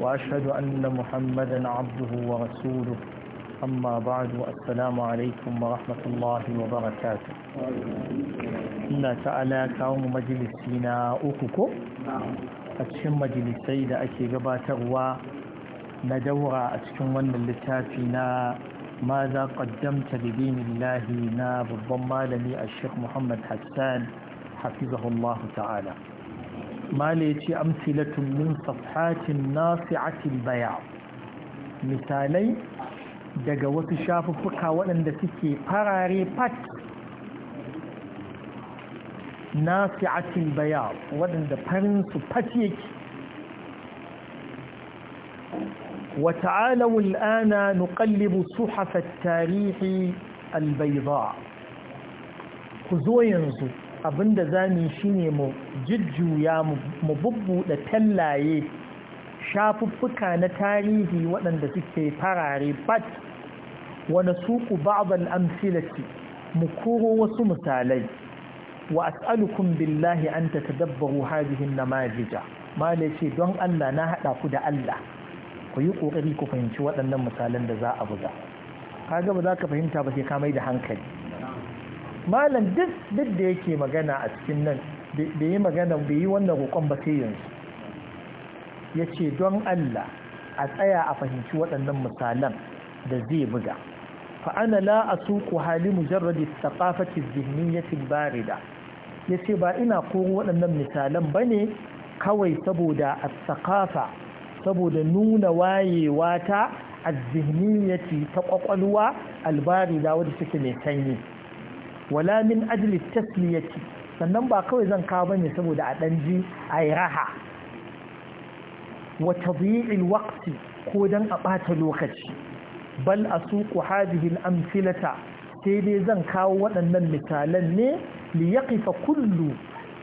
وأشهد أن محمدا عبده ورسوله أما بعد السلام عليكم ورحمة الله وبركاته إن تعالى كوم مجلسنا أكوكو أتشم مجلسي لأكي قباتروا ندورة أتشم ون اللتافنا ماذا قدمت لدين الله ناب الضمالني الشيخ محمد حسان حفظه الله تعالى mala ce amsilatun min safhatin nasi'atil baya misalai daga wasu shafuffuka waɗanda suke farare fat nasi'atil baya waɗanda farin su fat yake وتعالوا الآن نقلب صحف التاريخ البيضاء خذوا ينزل abinda za mu shi shine mu jujjuya mu bubbuɗe tallaye shafuffuka na tarihi waɗanda suke farare bat wani suku ba'abal amsilati mu koro wasu misalai wa as'alukum billahi an tatadabbaru na majija mala ce don Allah na haɗa ku da Allah ku yi kokari ku fahimci waɗannan misalan da za a buga kaga ba za ka fahimta ba sai ka da hankali malam duk duk da yake magana a cikin nan bai yi magana bai yi wannan roƙon ba sai yanzu ya ce don Allah a tsaya a fahimci waɗannan misalan da zai buga fa'ana la a suku hali mujarradi tsakafacin zihniyatin barida ya ce ba ina koro waɗannan misalan ba ne kawai saboda a tsakafa saboda nuna wayewa ta a zihniyati ta ƙwaƙwalwa albarida wadda suke mai sanyi wala min ajli tasliyati sannan ba kawai zan kawo bane saboda a dan ji raha wa tadyi'il waqti ko dan a bata lokaci bal asuqu hadhihi al-amthilata sai dai zan kawo waɗannan misalan ne li yaqifa kullu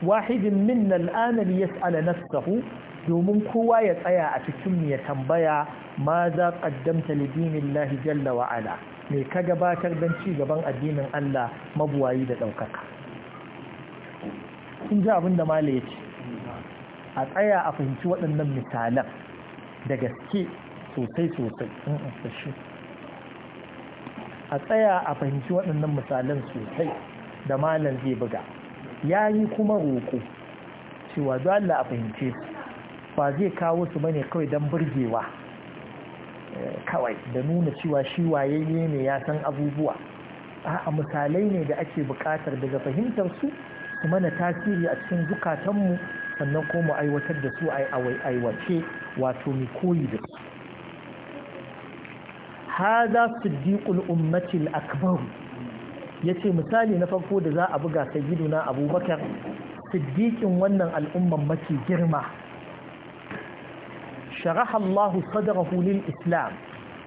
wahidin minna al-ana li yas'ala nafsahu domin kowa ya tsaya a cikin ya tambaya ma za qaddamta li dinillahi jalla wa ala mai ka gabatar don ci gaban addinin Allah mabuwayi da ɗaukaka Sun ji abin da mala ya ce a tsaya a fahimci waɗannan misalan da gaske sosai sosai a tsaya a fahimci waɗannan misalan sosai da malam zai buga ya yi kuma roƙo cewa zuwa Allah a fahimce su ba zai kawo su bane kawai don burgewa kawai da nuna cewa shi wayayye ne ya san abubuwa a misalai ne da ake buƙatar daga fahimtar su su mana tasiri a cikin zukatanmu sannan ko mu aiwatar da su a aiwace wato mu koyi da su haza siddiqul ummati al-akbar yace misali na farko da za a buga sayyiduna abubakar siddiqin wannan al'umma mafi girma sharaha Allah sadrahu lil Islam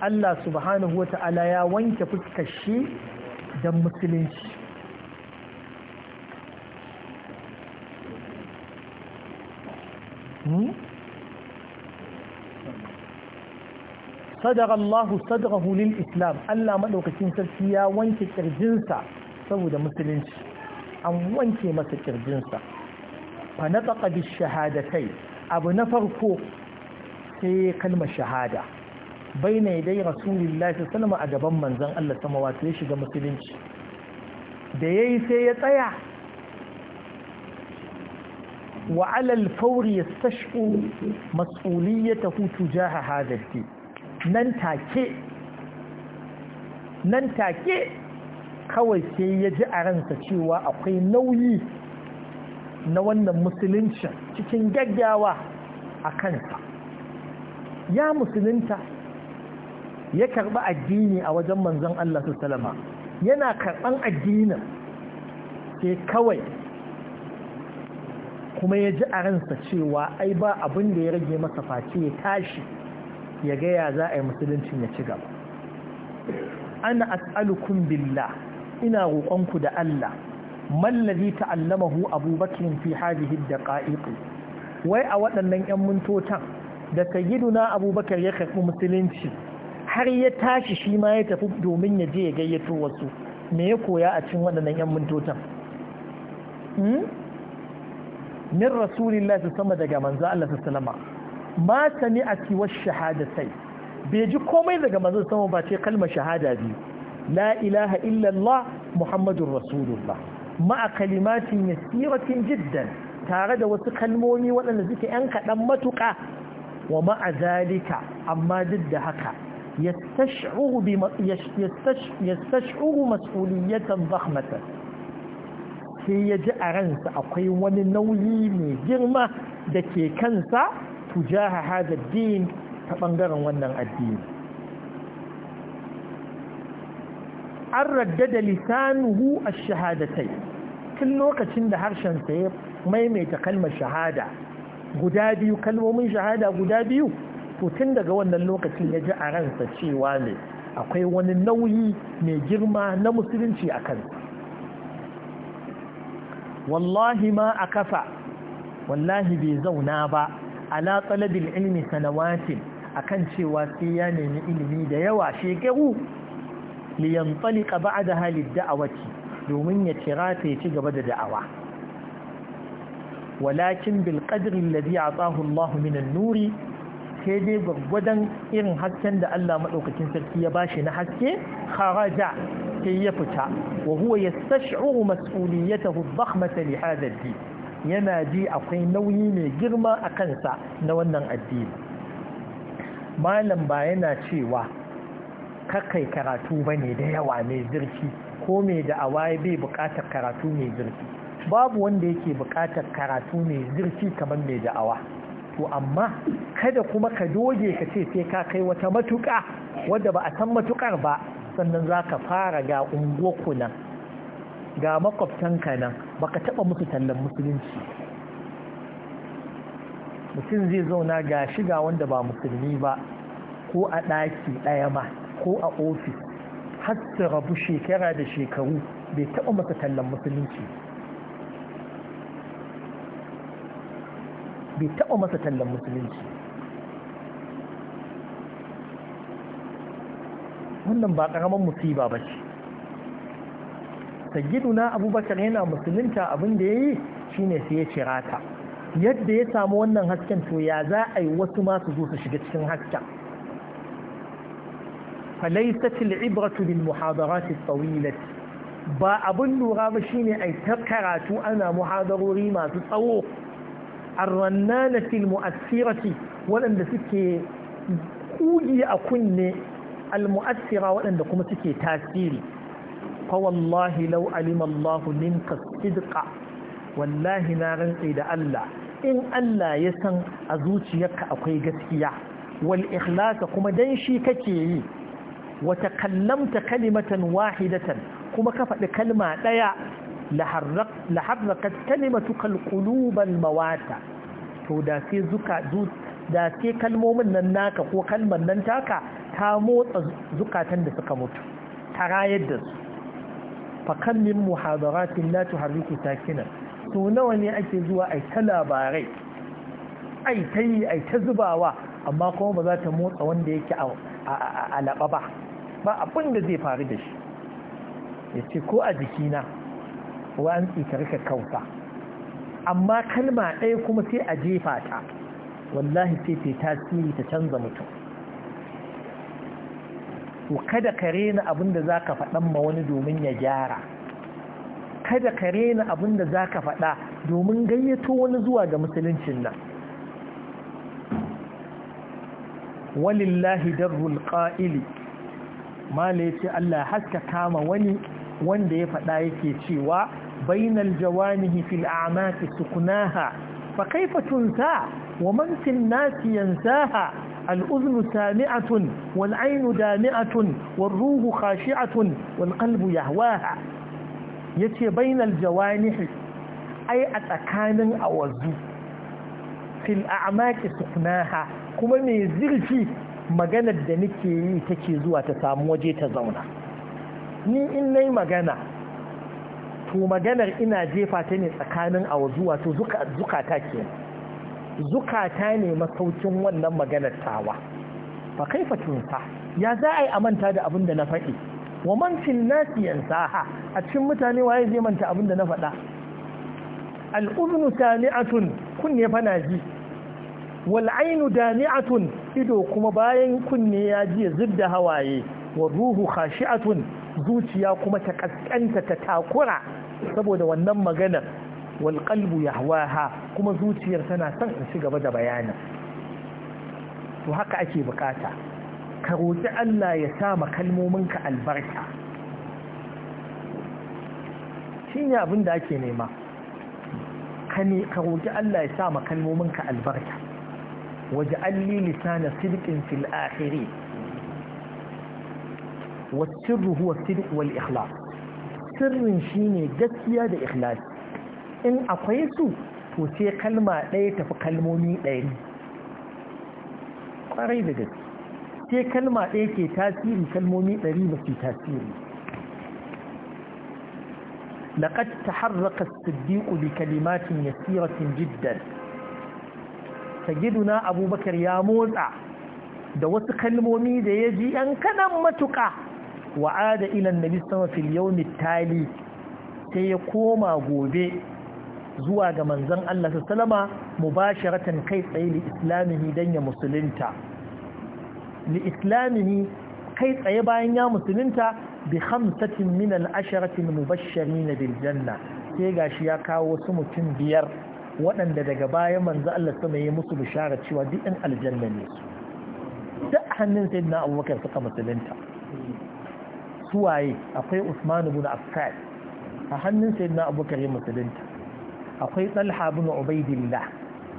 Allah subhanahu wata'ala ya wanke fuskar shi da musulunci sadar Allah sadrahu lil Islam Allah madaukakin sarki ya wanke kirjinsa saboda musulunci an wanke masa ƙirjinsa. fa nataqa shahadatai abu na farko sai kalmar shahada baina yadai rasulillahi sallama a gaban manzon Allah sama wato ya shiga musulunci da yayi sai ya tsaya wa alal fauri yastashqu mas'uliyatahu tujaha hadha nan take nan take kawai sai ya ji a ransa cewa akwai nauyi na wannan musulunci cikin gaggawa a kansa ya musulunta ya karɓi addini a wajen manzon Allah su salama yana karɓan addinin sai kawai kuma ya ji a ransa cewa ai ba abin da ya rage masa face ya tashi ya gaya za a yi musuluncin ya ci gaba ana as'alukum billah ina roƙonku da Allah mallazi ta'allamahu abubakar fi hadhihi daqa'iq wai a waɗannan 'yan mintotan da sayyiduna abubakar ya karɓi musulunci har ya tashi shi ma ya tafi domin ya je ya gayyato wasu me ya koya a cikin waɗannan 'yan mintotan hmm? min rasulillah su sama daga manzo Allah su salama ma sani a shahada shahadatai bai ji komai daga manzo sama ba ce kalmar shahada biyu la ilaha illallah muhammadun rasulullah ma'a kalimatin yasiratin jiddan tare da wasu kalmomi waɗanda suke 'yan kaɗan matuƙa wa ma'azalika, amma duk da haka yastash'uru mas'uliyatan zahmatan sai ya ji a ransa akwai wani nauyi mai girma da ke kansa tujaha hada din ta ɓangaren wannan addini an da raddada lisanuhu a shahadatai tun lokacin da harshen harshensa ya maimaita kalmar shahada guda biyu kalmomin shahada guda biyu to tun daga wannan lokacin ya ji a ransa cewa ne akwai wani nauyi mai girma na musulunci a kan wallahi ma a kafa wallahi bai zauna ba ala talabil ilmi sanawatin akan cewa sai ya nemi ilimi da yawa shekaru liyan tsalika ba da halin da'awaci domin ya kira ta ya ci gaba da da'awa walakin bil qadri alladhi ataahu Allah min an-nuri sai dai gwaggwadon irin hasken da Allah madaukakin sarki ya bashi na haske kharaja sai ya fita wa huwa yastash'uru mas'uliyatahu ad-dakhmata li hadha ad-din yana ji akwai nauyi mai girma a kansa na wannan addini malam ba yana cewa kakai karatu bane da yawa mai zurfi ko mai da awaye bai bukatar karatu mai zurfi babu wanda yake buƙatar karatu mai zirfi kamar mai da'awa to amma kada kuma ka doge ka ce sai ka kai wata matuƙa wadda ba a san matuƙar ba sannan za ka fara ga unguwarku nan ga makwabtanka nan ba ka taɓa musu tallan musulunci mutum zai zauna ga shiga wanda ba musulmi ba ko a ɗaki ɗaya ma ko a ofis har su rabu shekara da shekaru bai taɓa masa tallan musulunci bai taɓa masa tallan musulunci wannan ba ƙaramin musiba ba ce na abubakar yana musulunta abin da ya yi shine sai ya cira ta yadda ya samu wannan hasken to ya za a yi wasu masu zo su shiga cikin hasken bil muhadarat بالمحاضرات الطويلة ba abun lura ba shine ai ta karatu ana muhadarori masu tsawo arrannanatil mu'assirati waɗanda suke kugi a kunne mu'assira waɗanda kuma suke tasiri fa wallahi law alima Allah minka sidqa wallahi na rantsi da Allah in Allah ya san a zuciyarka akwai gaskiya wal ikhlasa kuma dan shi kake yi wa takallamta kalimatan wahidatan kuma ka faɗi kalma ɗaya laharrakat kalimatuka alquluban mawata to da ke zuka da sai kalmomin nan naka ko kalman nan taka ta motsa zukatan da suka mutu ta rayar da su fakan min muhadaratin la ta sakinan to nawa ne ake zuwa ai ta labarai ai ta ai ta zubawa amma kuma ba za ta motsa wanda yake a laɓa ba ba abin da zai faru da shi ya ce ko a jikina Watsi ta rika kauta amma kalma ɗaya kuma sai a jefa ta wallahi sai ta tasiri ta canza mutum to kada ka rena abin za ka faɗan ma wani domin ya gyara kada ka rena abin da za ka faɗa domin gayyato wani zuwa ga musuluncin nan walillahi darul qa'ili mala ce Allah haska kama wani wanda ya faɗa yake cewa بين الجوانه في الأعماق سقناها فكيف تنسى ومن في الناس ينساها الأذن سامعة والعين دامعة والروح خاشعة والقلب يهواها يتي بين الجوانح أي أتكان أوزو في الأعماق سقناها كما ميزرفي في مجانا nake تكيزوها تسامو جيتا زونا ني إني مجانا wato maganar ina jefa ta ne tsakanin wazu wato zukata ke zukata ne masaukin wannan maganar tawa Ba kai fatunsa. ya za a yi amanta da abin da na faɗi wa man fil nasi a cikin mutane waye zai manta abin da na faɗa al'ubnu sami'atun kunne fana ji wal'ainu dami'atun ido kuma bayan kunne ya ji zubda hawaye wa ruhu khashi'atun zuciya kuma ta kaskanta ta takura saboda wannan maganar wal qalbu yahwaha kuma zuciyar tana son in ci gaba da bayani to haka ake bukata ka roki Allah ya sa ma kalmominka albarka ne abin da ake nema ka ne ka roki Allah ya sa ma kalmominka albarka waje alli lisana sidqin fil akhirin ruhuwa هو wal ikhlas sirrin shi ne gaskiya da ikhlasi in akwai su to sai kalma ɗaya tafi kalmomi ɗaya kwarai da gaske sai kalma ɗaya ke tasiri kalmomi ɗari ba su tasiri لقد تحرك الصديق بكلمات يسيرة جدا سيدنا أبو بكر يا موزع da wasu kalmomi da ya ji ‘yan kanan matuƙa Wa'ada ilan nabi صلى sama عليه وسلم tali sai ya koma gobe zuwa ga manzon Allah sallama mubasharatan kai tsaye li islamihi dan ya musulunta li islamihi kai tsaye bayan ya musulunta bi khamsatin min al-asharati al bil janna sai gashi ya kawo wasu mutum biyar waɗanda daga baya manzo Allah sama ya musu bishara cewa duk ɗan aljanna ne su duk hannun sayyidina Abubakar suka musulunta suwaye akwai Usman ibn Affan a hannun sayyidina Abubakar ya musulunta akwai Talha ibn Ubaidillah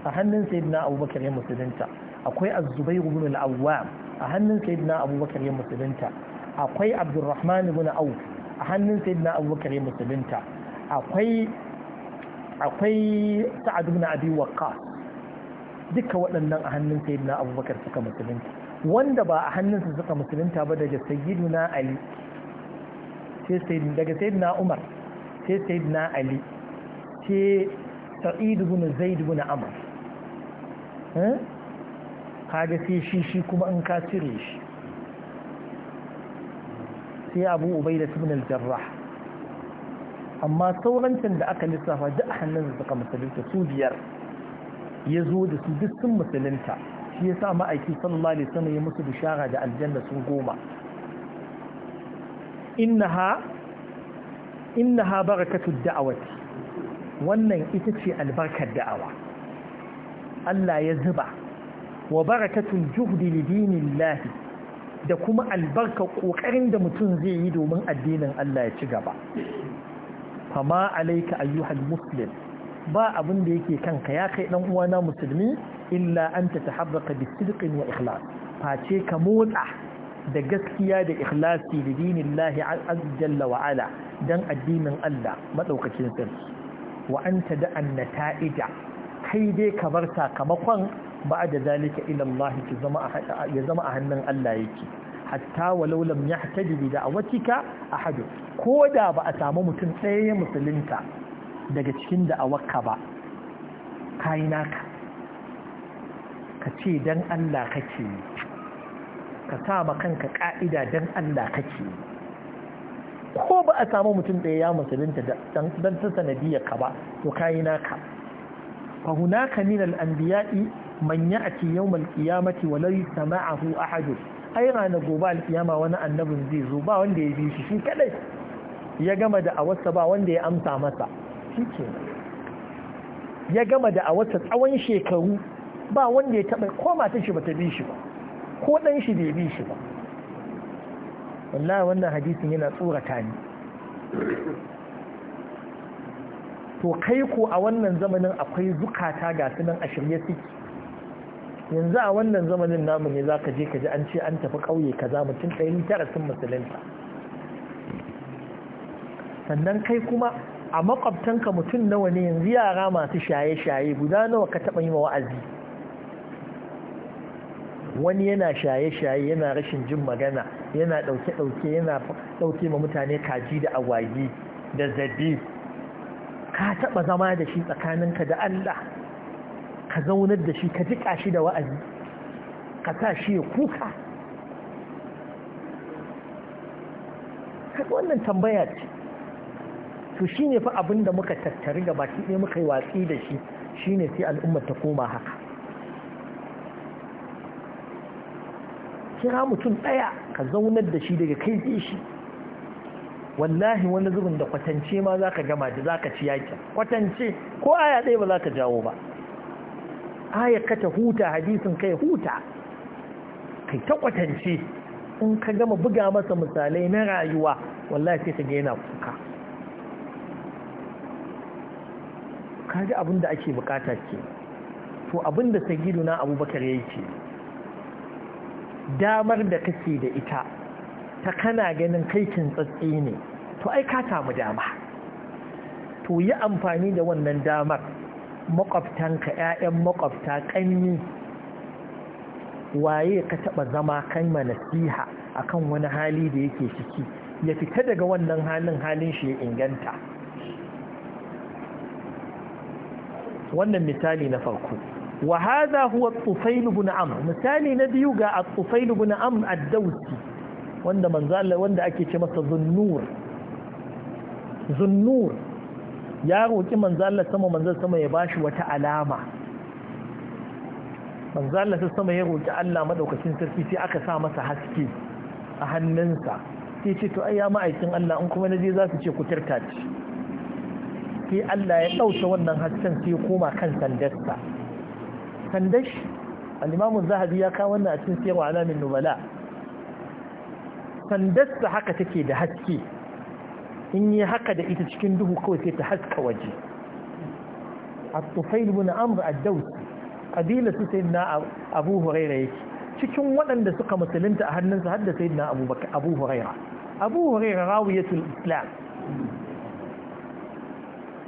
a hannun sayyidina Abubakar ya musulunta akwai Az-Zubair ibn al-Awwam a hannun sayyidina Abubakar ya musulunta akwai Abdurrahman ibn Auf a hannun sayyidina Abubakar ya musulunta akwai akwai Sa'ad ibn Abi Waqqas duka waɗannan a hannun sayyidina Abubakar suka musulunta wanda ba a hannunsa suka musulunta ba daga sayyiduna Ali daga sayidina umar sai sayidina ali sai sa'idu ibn zaid ibn amr eh? kaga sai shi shi kuma in ka cire shi sai abu ubai da al-jarrah amma saurancin da aka lissafa duk hannun da suka musulunta su biyar ya zo da su duk sun musulunta shi ya sa ma'aiki sallallahu alaihi wasallam ya musu bishara da aljanna sun goma innaha innaha barakatud da'awati wannan ita ce albarkar da'awa Allah ya zuba wa barakatun juhdi li da kuma albarkar kokarin da mutum zai yi domin addinin Allah ya ci gaba fama alayka ayyuhal muslim ba abin da yake kanka ya kai dan uwana musulmi illa an tatahabbaka bisidqin wa ikhlas face ka motsa da gaskiya da ikhlasi da dini lahi azjalla wa ala don addinin Allah maɗaukacin sarki wa anta da an kai dai ka bar sakamakon ba da zalika hada ya zama a hannun Allah yake hatta walau lam yahtaji bi da'watika ahad ko da ba a samu mutum ɗaya musulunta daga cikin da'awarka ba kai naka ka ce dan Allah kake ka sa ma kanka ka'ida don Allah kake ko ba a samu mutum ɗaya ya musulunta don ta sanadiyar ka ba to kayi naka fa hunaka min al-anbiya'i man ya'ti yawm al-qiyamati wa la yasma'ahu ahad ai ranar gobe al-qiyama wani annabin zai zo ba wanda ya bi shi shi kadai ya gama da awarsa ba wanda ya amsa masa shike ya gama da awarsa tsawon shekaru ba wanda ya taba koma ta shi bata bi shi ba ko ɗan shi bai bi shi ba wallahi wannan hadisin yana tsorata ne to kai ko a wannan zamanin akwai zukata ga nan a shirye suke yanzu a wannan zamanin namu ne za ka je ka ji an ce an tafi ƙauye kaza mutum ɗari tara sun musulunta sannan kai kuma a makwabtanka mutum nawa ne yanzu yara masu shaye-shaye guda nawa ka taɓa yi wa wa'azi wani yana shaye-shaye yana rashin jin magana yana ɗauke-ɗauke yana ɗauke ma mutane kaji da agwagi da zabi ka taɓa zama da shi tsakaninka da Allah ka zaunar da shi ka jiƙa shi da wa'azi ka sa shi ya kuka wannan tambaya ce to shi ne fa abinda muka tattari ga baki ɗaya muka yi watsi da shi shi ne sai al'ummar ta koma haka kira mutum ɗaya ka zaunar da shi daga kai shi wallahi wani zubin da kwatance ma za ka gama da za ka ci yaki kwatance ko aya ɗaya ba za ka jawo ba aya ka ta huta hadisin kai huta kai ta kwatance in ka gama buga masa misalai na rayuwa wallahi sai ka ga yana kuka kaji abin da ake bukata ce. to abin da sagiduna abubakar ya yi ce damar da kake da ita ta kana ganin kai tsatsi ne to ai ka samu dama to yi amfani da wannan damar makwabtanka 'ya'yan makwabta ƙanni waye ka taɓa zama kan nasiha kan wani hali da yake ciki ya fita daga wannan halin halin shi ya inganta wannan misali na farko wa hadha huwa tufail ibn amr misali na biyu ga at-tufail ibn amr ad-dawsi wanda manzo wanda ake ce masa zunnur zunnur ya roki manzo Allah sama manzo sama ya bashi wata alama manzo Allah sama ya roki Allah madaukakin sarki sai aka sa masa haske a hannunsa sai ce to ayya ma'aikin Allah in kuma naje za su ce ku tirta sai Allah ya dauke wannan hasken sai ya koma kan sandarsa sandan al'imamun zahabi ya kawo wannan a cikin siyarwa alamin nubala sandarsa haka take da haske in yi haka da ita cikin duhu kawai sai ta haska waje a tufail bin amr ad-daus su sai na abu huraira yake cikin waɗanda suka musulunta a hannunsa har da sai na abu huraira abu huraira rawiyatul islam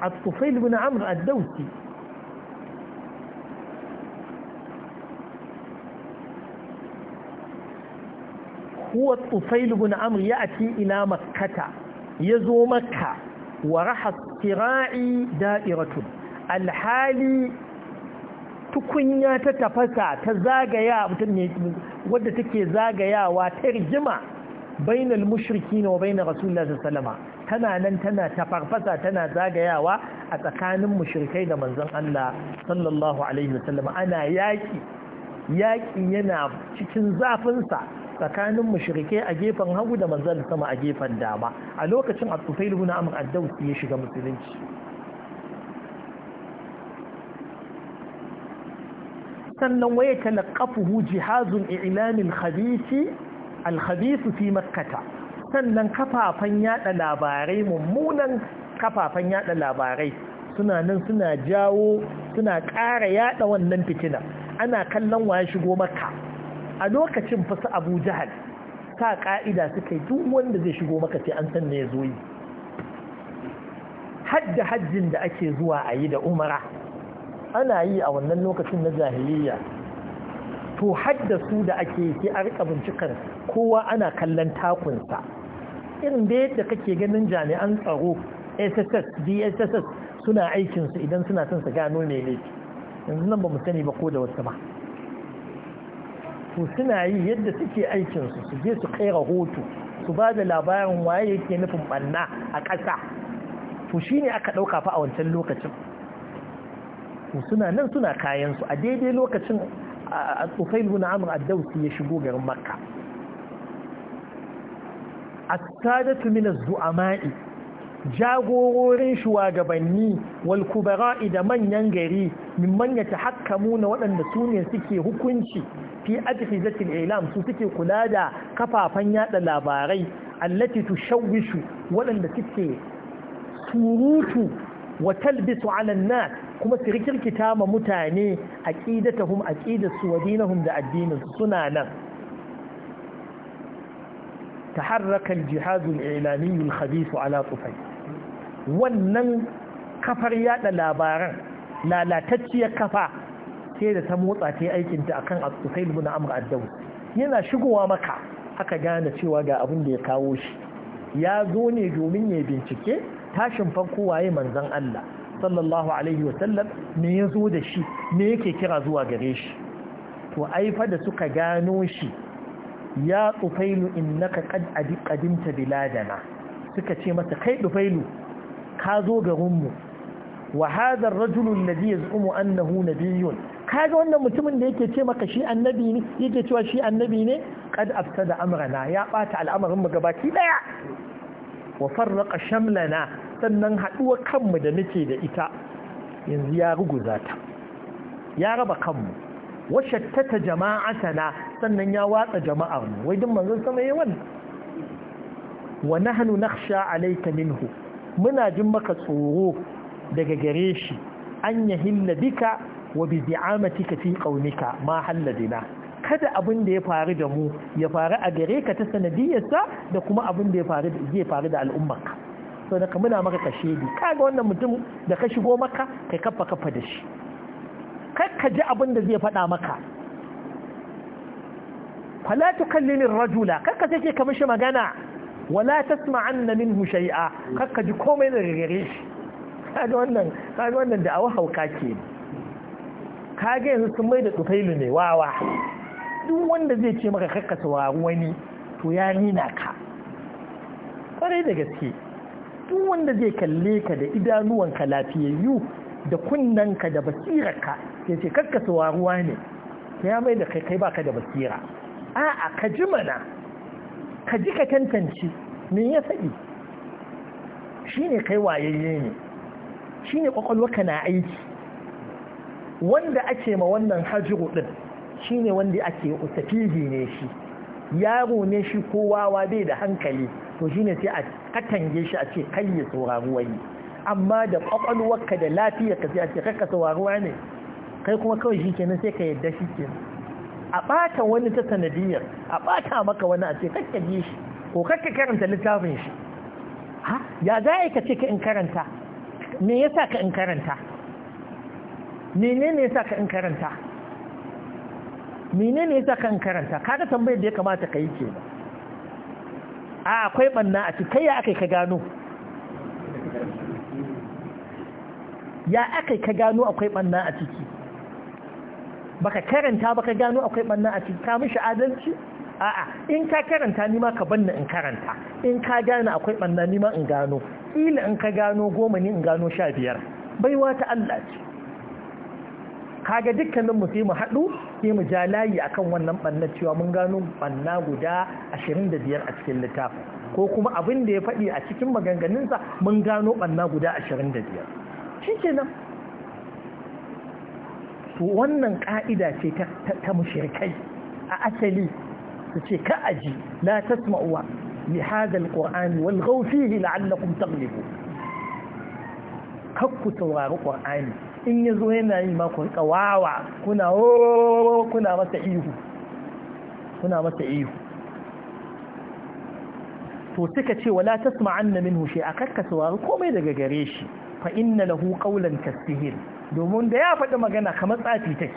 a tufail bin amr ad-dausi huwa tufail bin amr ati ila makkata ya zo makka wa rahat tira'i da'iratun alhali tukunya ta tafasa ta zagaya wadda take zagayawa ta rigima bainal mushriki wa bainar rasulullah sallama tana nan tana tafarfasa tana zagayawa a tsakanin mushrikai da manzon Allah sallallahu alaihi wasallam ana yaki yaki yana cikin zafinsa tsakanin mushrike a gefen hagu da manzal sama a gefen dama a lokacin al tufail ibn amr ad-dawsi ya shiga musulunci sannan waye talaqafuhu jihazun al khabith al-khabith fi makkah sannan kafafan yada labarai mummunan kafafan yada labarai suna nan suna jawo suna ƙara yada wannan fitina ana kallon waye shigo makka a lokacin fasa abu jihar ta ka'ida suka yi duk wanda zai shigo maka ce an san ya zo yi hadda hajjin da ake zuwa a yi da umara ana yi a wannan lokacin na jahiliya to hadda su da ake yi sai a rika bincikar kowa ana kallon takunsa irin da yadda kake ganin jami'an tsaro sss dss suna aikinsu idan suna son su gano mai ne yanzu nan ba mu sani ba ko da wasu ba to suna yi yadda suke aikinsu su je su kai rahoto su ba da labarin waye yake nufin banna a ƙasa to shi aka ɗauka fa a wancan lokacin to suna nan suna kayansu a daidai lokacin a tsofai luna amur addausi ya shigo garin makka a sadatu minas zu'ama'i jagororin shugabanni wal kubara'i da manyan gari min manya tahakkamu na waɗanda su ne suke hukunci fi adfizatil ilam su suke kula da kafafen yada labarai allati shawishu waɗanda suke surutu wa talbisu ala nas kuma su rikirkita ma mutane aqidatahum aqidatsu wa dinahum da addinin suna nan taharraka al-jihad al-ilami al ala wannan kafar yada labaran lalatacciyar kafa sai da ta motsa ta yi aikinta a kan na bin amur addau yana shigowa maka aka gane cewa ga abin da ya kawo shi ya zo ne domin ya bincike tashin farko waye manzon Allah sallallahu alaihi wa sallam. me ya zo da shi me yake kira zuwa gare shi to aifa da suka gano shi ya tsufailu innaka qad da biladana suka ce masa kai dufailu ka zo garinmu wa hadar rajulun da zai annahu nabiyun kaga wannan mutumin da yake ce maka shi annabi ne yake cewa shi annabi ne kad da amrana ya bata al'amarin mu gabaki daya wa farraqa shamlana sannan haduwa kanmu da nake da ita yanzu ya ruguza ta ya raba kanmu wa shattata jama'atana sannan ya watsa jama'ar mu wai duk manzon sama yayi wannan wa nahnu nakhsha alayka minhu muna jin maka tsoro daga gare shi an hinna bika wa bi ka fi qaunika ma halladina kada abin da ya faru da mu ya faru a gare ka ta sanadiyarsa da kuma abin da ya faru zai faru da al'ummarka so da muna maka kashe bi kaga wannan mutum da ka shigo maka kai kafa kafa da shi kai ka ji abin da zai faɗa maka fala tukallimin rajula kar ka sake ka mishi magana wala tasma'anna minhu shay'a kakka ji komai da gare shi kaga wannan wannan da awa hauka ke kaga yanzu sun mai da tsofailu ne wawa duk wanda zai ce maka kakka saurari wani to ya nina ka kwarai da gaske duk wanda zai kalle ka da idanuwanka lafiyayyu da kunnanka da basirarka ya ce kakka saurari ne ya mai da kai kai baka da basira a'a ka ji mana ka ji ka tantance me ya faɗi Shi ne kai wayayye ne ne ƙwaƙwalwaka na aiki wanda ake ma wannan hajiru din shine wanda ake tafihi ne shi yaro ne shi kowawa bai da hankali to shine sai a katange shi a ce kai ya saurari wani amma da kwakwalwarka da ka sai a ce kakka saurari ne kai kuma kawai shi kenan sai ka yadda shi kenan a ɓata wani ta sanadiyar a ɓata maka wani a ce kakka ji shi ko kakka karanta littafin shi ha ya za a yi ka ce ka in karanta me ya sa ka in karanta menene ya sa ka in karanta menene ya sa ka in karanta kaga tambayar da ya kamata ka yi ke ba? a akwai banna a cikin ya aka ka gano ya aka ka gano akwai banna a ciki baka karanta baka gano akwai banna a cikin kamun mishi adalci a'a in ka karanta ni ka banna in karanta in ka gane akwai banna ni in gano kila in ka gano goma ni in gano sha biyar baiwa ta Allah ce kaga dukkanin mu sai mu haɗu sai mu ja layi akan wannan banna cewa mun gano banna guda ashirin da biyar a cikin littafin ko kuma abin da ya faɗi a cikin maganganunsa mun gano banna guda ashirin da biyar, 25 shikenan to wannan ka'ida ce ta mushrikai a asali su ce ka aji la tasma'uwa li hada alqur'ani wal ghawfihi la'allakum taghlibun kakku taurari qur'ani in yazo yana yi ma kun kuna kuna masa ihu kuna masa ihu to suka ce wala tasma'anna hushe a kakka taurari komai daga gare shi fa inna lahu ƙaunar kasihir domin da ya faɗi magana kamar tsafi take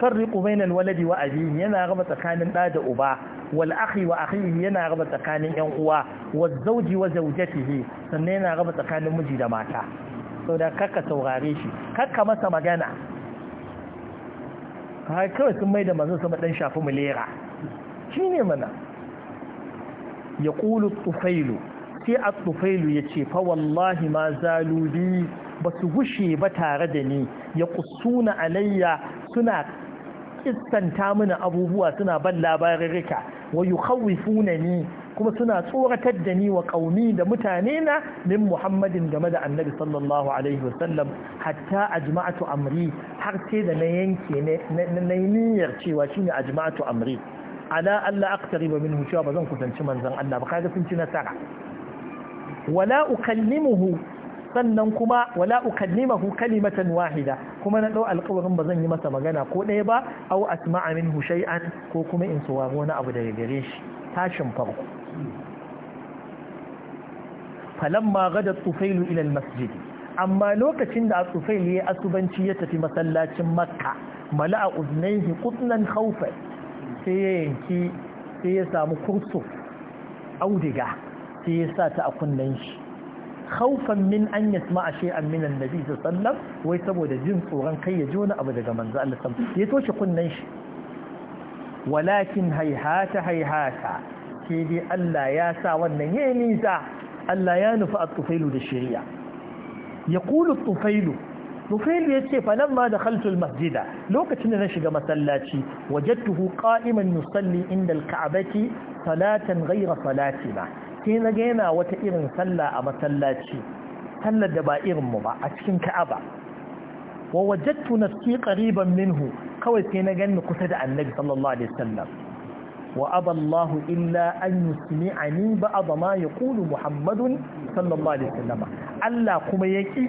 farri bainal waladi wa abin yana raba tsakanin ɗa da uba wal wa akhihi yana raba tsakanin yan uwa wa zauji wa zawjatihi sannan yana raba tsakanin miji da mata da kakka saurare shi kakka masa magana har kawai sun mai da manzo sama ɗan shafi mulera ne mana Ya ƙulu tufailu sai a tufailu ce fa wallahi ma zalubi ba su gushe ba tare da ni ya kusuna alayya suna kistanta mini abubuwa suna ban labarurruka wa yukhawifuna ni kuma suna tsoratar da ni wa kauni da mutane na min Muhammadin game da Annabi sallallahu alaihi wasallam hatta ajma'atu amri har sai da na yanke na niyyar cewa shine ajma'atu amri ala alla aqtariba minhu cewa bazan kusanci manzon Allah ba kaga sun ci nasara wala ukallimuhu sannan kuma wala ukallimahu kalimatan wahida kuma na dau alƙawarin bazan yi masa magana ko ɗaya ba au asma'a minhu shay'an ko kuma in saurari wani abu daga gare shi tashin farko falamma gada tufailu ila masjidi amma lokacin da tufail ya asubanci ya tafi masallacin makka mala'a uznaihi qutlan khawfa sai ya yanki sai ya samu kursu audiga sai ya sa ta a kunnen shi khawfan min an yasma'a shay'an min annabi sallallahu wai saboda jin tsoron kai ya ji wani abu daga manzo Allah sallallahu ya toshe kunnan shi walakin hayhata hayhata ke dai Allah ya sa wannan yayi nisa Allah ya nufi at-tufailu da shari'a yaqulu at-tufailu Nufailu ya ce falon ma da khaltul masjida lokacin da na shiga masallaci wajattuhu qa'iman yusalli inda al-ka'bati salatan ghayra salatina sai na ga yana wata irin sallah a masallaci sallar da ba irin mu ba a cikin ka'aba wa wajattu nafsi qariban minhu kawai sai na gani kusa da annabi sallallahu alaihi wasallam wa aballahu illa an yusmi'ani ba'd ma yaqulu muhammadun sallallahu alaihi wasallam Allah kuma yaki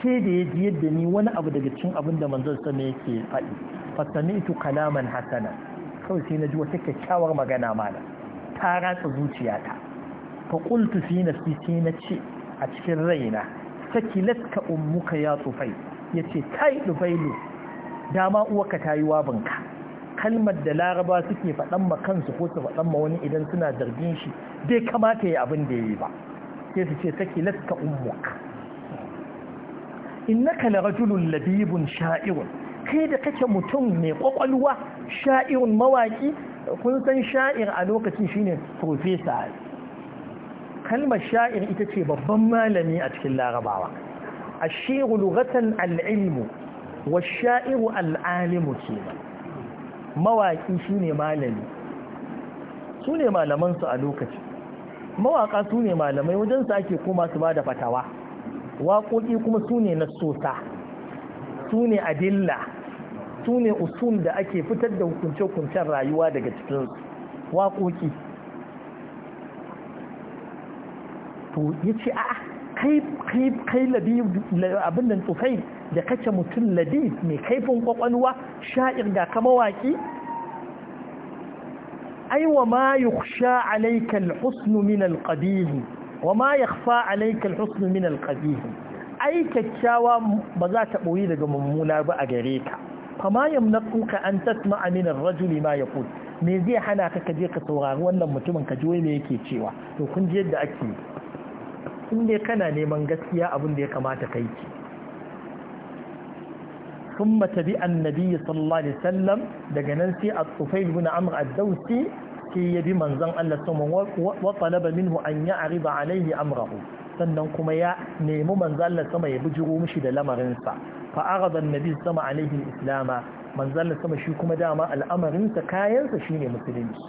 ce da yaji yadda ni wani abu daga cikin abin da manzon sa yake faɗi fasami'tu kalaman hasana kawai sai na ji wata kyakkyawar magana mala ta ratsa zuciyata faƙultu fi nafsi sai na ce a cikin raina sakilatka ummuka ya tsufai ya ce kai ɗufailu dama uwaka ta yi wabinka kalmar da laraba suke faɗan ma kansu ko su faɗan ma wani idan suna zargin shi bai kamata ya abin da ya yi ba sai su ce umuka ummuka innaka la rajulun labibun sha'irun kai da kake mutum mai kwakwalwa sha'irun mawaki kun san sha'ir a lokacin shine professor kalmar sha'ir ita ce babban malami a cikin larabawa A ashiru lugatan al'ilmu wa sha'iru al'alimu ce mawaƙi shi ne malami su ne malamansu a lokaci mawaƙa su ne malamai wajensu ake koma su ba da fatawa waƙoƙi kuma su ne sosa. su ne adilla su ne usul da ake fitar da hukunce-hukuncen rayuwa daga cikinsu waƙoƙi to ya ce a'a kai kai kai abin nan tsufai da kace mutum ladif mai kaifin kwakwalwa sha'ir da kama waki ai wa ma yukhsha alayka al min al wa ma yakhfa alayka al min al ai kyakkyawa ba za ta boye daga mummuna ba a gare ka fa ma yamnaquka an tasma'a min ar ma yaqul me zai hana ka je ka saurari wannan mutumin ka ji me yake cewa to kun ji yadda ake yi. in dai kana neman gaskiya abin da ya kamata kai ce ثم تبي النبي صلى الله عليه وسلم دجنان سي الطفيل ya bi الدوسي كي يبي منزن الله سمع وطلب منه أن يعرض alaihi أمره sannan kuma ya nemi Allah sama ya bujiro mishi da lamarinsa fa arada annabi sama alaihi islama Allah sama shi kuma dama al'amarinsa kayansa shine musulunci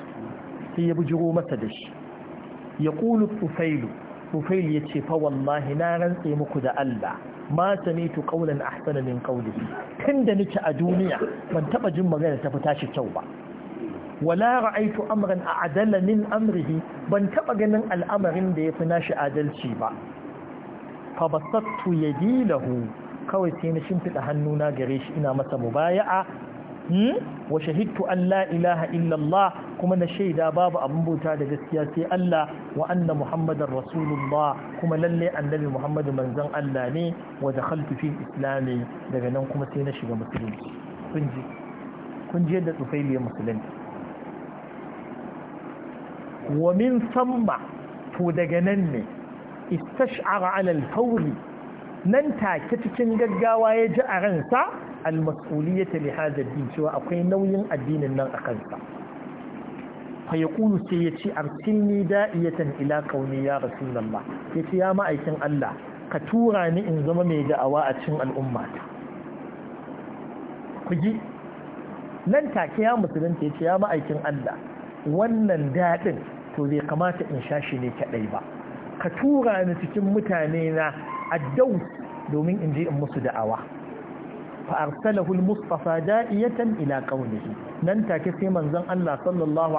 sai ya bujiro masa da shi kulu tufailu Fufail ya ce fa wallahi na rantse muku da Allah ma samitu a ahsana min Tun da nake a duniya ban taɓa jin magana ta fi tashi kyau ba wala ra'aitu amran a'dala min amrihi ban taɓa ganin al'amarin da ya fi nashi adalci ba fa ya yadi kawai sai na shimfida hannuna gare shi ina masa mubaya'a Hmm? wa shahidtu an la ilaha illallah kuma na shaida babu abin bauta da gaskiya sai Allah wa anna muhammadar rasulullah kuma lalle annabi muhammadu manzon Allah ne wa dakhaltu fi islami daga nan kuma sai na shiga musulunci kun ji kun ji yadda musulunci wa min samma to daga nan ne istash'ara ala al-fawri nan take cikin gaggawa ya ji a ransa almas'uliyyata li hadha din cewa akwai nauyin addinin nan a kansa fa yaqulu sai yace arsilni da'iyatan ila qaumi ya rasulullah yace ya ma'aikin Allah ka tura ni in zama mai da'awa a cikin al'umma ku ji nan take ya musulunta yace ya ma'aikin Allah wannan dadin to bai kamata in sha shi ne kadai ba ka tura ni cikin mutane na addau domin in je in musu da'awa فأرسله المصطفى دائية ila قوله nan take sai manzon Allah sallallahu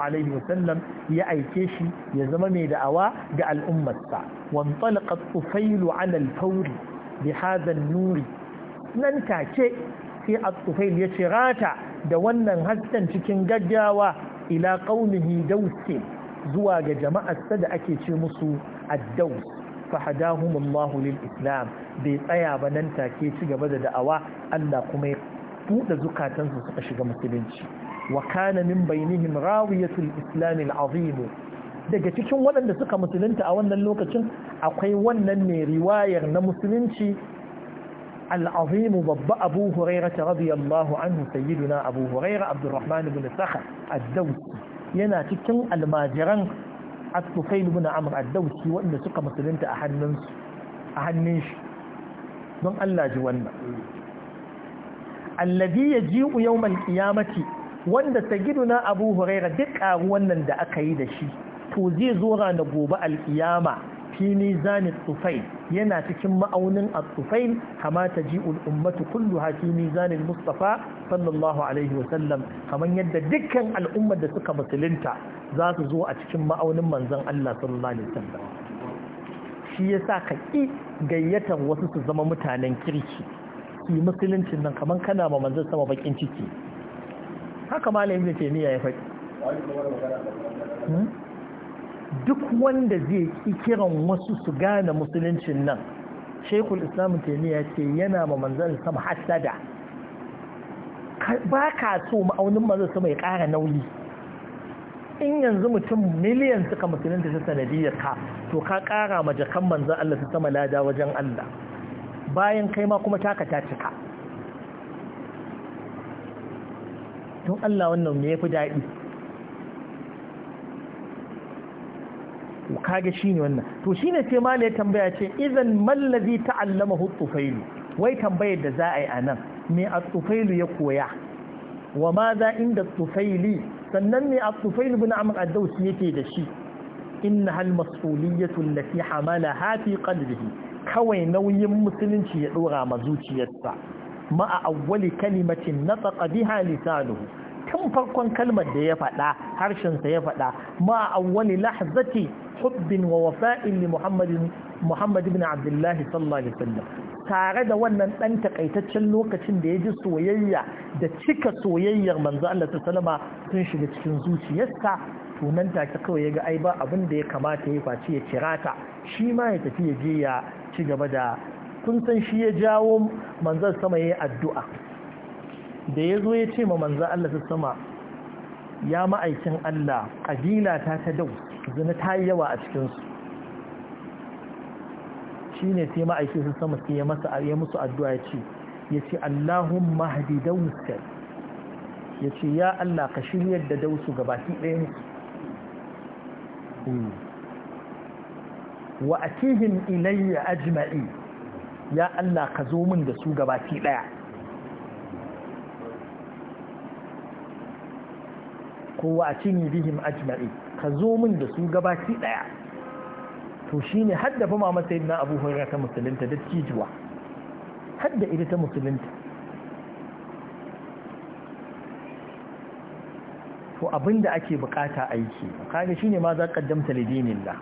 ya aike shi ya zama mai da'awa ga al'ummarsa wantalaqat tufailu ala al bihazan nuri nan take sai at-tufail ya cirata da wannan hasken cikin gaggawa ila qaumihi dausi zuwa ga jama'arsa da ake ce musu ad فهداهم الله للإسلام بيطايا بننتا كي تجب دعوة ألا قمي بود زكاة سقشق مسلمش وكان من بينهم راوية الإسلام العظيم daga cikin waɗanda suka musulunta a wannan lokacin akwai wannan mai riwayar na musulunci al'azimu babba abu hurairata radiyallahu anhu sayyiduna abu huraira abdurrahman ibn sakha ad-dawsi yana cikin almajiran at-tufail ibn amr ad-dawsi wanda suka musulunta a hannun a hannun shi don Allah ji wannan alladhi yaji'u yawm al-qiyamati wanda sagiduna abu hurairah duk karuwan nan da aka yi da shi to zai zo rana gobe al-qiyama fi mizanin tsufai yana cikin ma'aunin a tsufai kama ta ji al'ummatu kullu ha fi mizanin mustafa sallallahu alaihi sallam kamar yadda dukkan al'ummar da suka musulunta za su zo a cikin ma'aunin manzon Allah sallallahu alaihi sallam shi yasa ka ki gayyatar wasu su zama mutanen kirki yi musuluncin nan kamar kana ma manzon sama bakin ciki haka malamin da taymiya ya faɗi hmm? duk wanda zai ki kiran wasu su gane musuluncin nan shekul islam taimiyya ce yana ma manzan sama hasada ba ka so ma'aunin manzan sama ya ƙara nauyi in yanzu mutum miliyan suka musulunta ta sanadiyar ka to ka ƙara ma jakan manzan Allah su sama lada wajen Allah bayan kai ma kuma taka ta cika don Allah wannan ne ya fi daɗi to kage shine wannan to shine sai mala ya tambaya ce idan mallazi ta'allamahu tufailu wai tambayar da za a yi anan me at-tufailu ya koya wa ma za inda tufaili sannan me at-tufailu bin amr ad yake da shi inna al-mas'uliyatu allati hamalaha fi qalbihi kawai nauyin musulunci ya dora ma zuciyarsa ma ma'a awwali kalimatin nataqa biha lisanuhu tun farkon kalmar da ya faɗa harshensa ya faɗa ma a wani lahzati hubbin ووفاء لمحمد محمد بن عبد الله صلى الله عليه وسلم tare da wannan ɗan takaitaccen lokacin da ya ji soyayya da cika soyayyar manzo Allah sallama tun shiga cikin zuciyarsa to nan ta kawai ya ga ai ba abin da ya kamata ya face ya kira ta shi ma ya tafi ya je ya ci gaba da kun san shi ya jawo manzo sama yayi addu'a da ya zo ya ce ma manzo Allah sama ya ma'aikin Allah kabila ta ta daus zina ta yi yawa a cikinsu shi ne sai ma'aiki sun sama sai ya musu addu'a ya ce ya ce allahun mahadi dausar ya ce ya allah ka shiryar da dausu ga baki ɗayan su hmm. wa akihin ilayya ajma'i ya allah ka zo min da su ga baki ɗaya kowa a cinye bihim ajma'i ka zo min da su gabaki daya to shi ne haddafa mama sai na abu hurra ta musulunta da cijuwa hadda ita ta musulunta to abinda ake bukata aiki kaga shi ne ma za kaddamta lidinin la